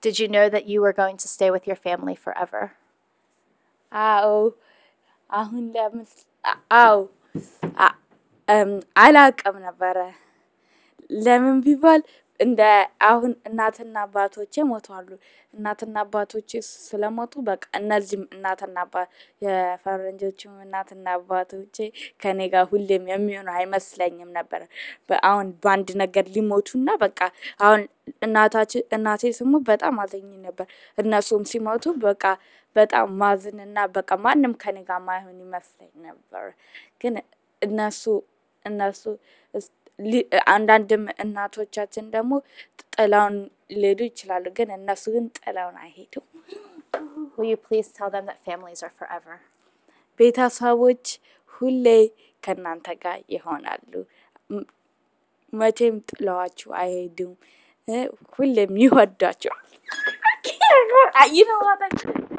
Did you know that you were going to stay with your family forever? oh, አሁን ለምስ አዎ አም አላውቅም ነበረ ለምን ቢባል እንደ አሁን እናትና አባቶቼ ሞተዋሉ። እናትና አባቶቼ ስለሞቱ በቃ እነዚህም እናትና አባ የፈረንጆችም እናትና አባቶቼ ከኔ ጋር ሁሌም የሚሆኑ አይመስለኝም ነበር። አሁን በአንድ ነገር ሊሞቱና በቃ አሁን እናታችን እናቴ ስሙ በጣም አዘኝ ነበር። እነሱም ሲሞቱ በቃ በጣም እና በቃ ማንም ከኔ ጋር ማይሆን ይመስለኝ ነበር። ግን እነሱ እነሱ አንዳንድም እናቶቻችን ደግሞ ጥላውን ሊሄዱ ይችላሉ። ግን እነሱ ግን ጥለውን አይሄዱም። ቤተሰቦች ሁሌ ከእናንተ ጋር ይሆናሉ። መቼም ጥለዋችሁ አይሄዱም። ሁሌም ይወዷችኋል።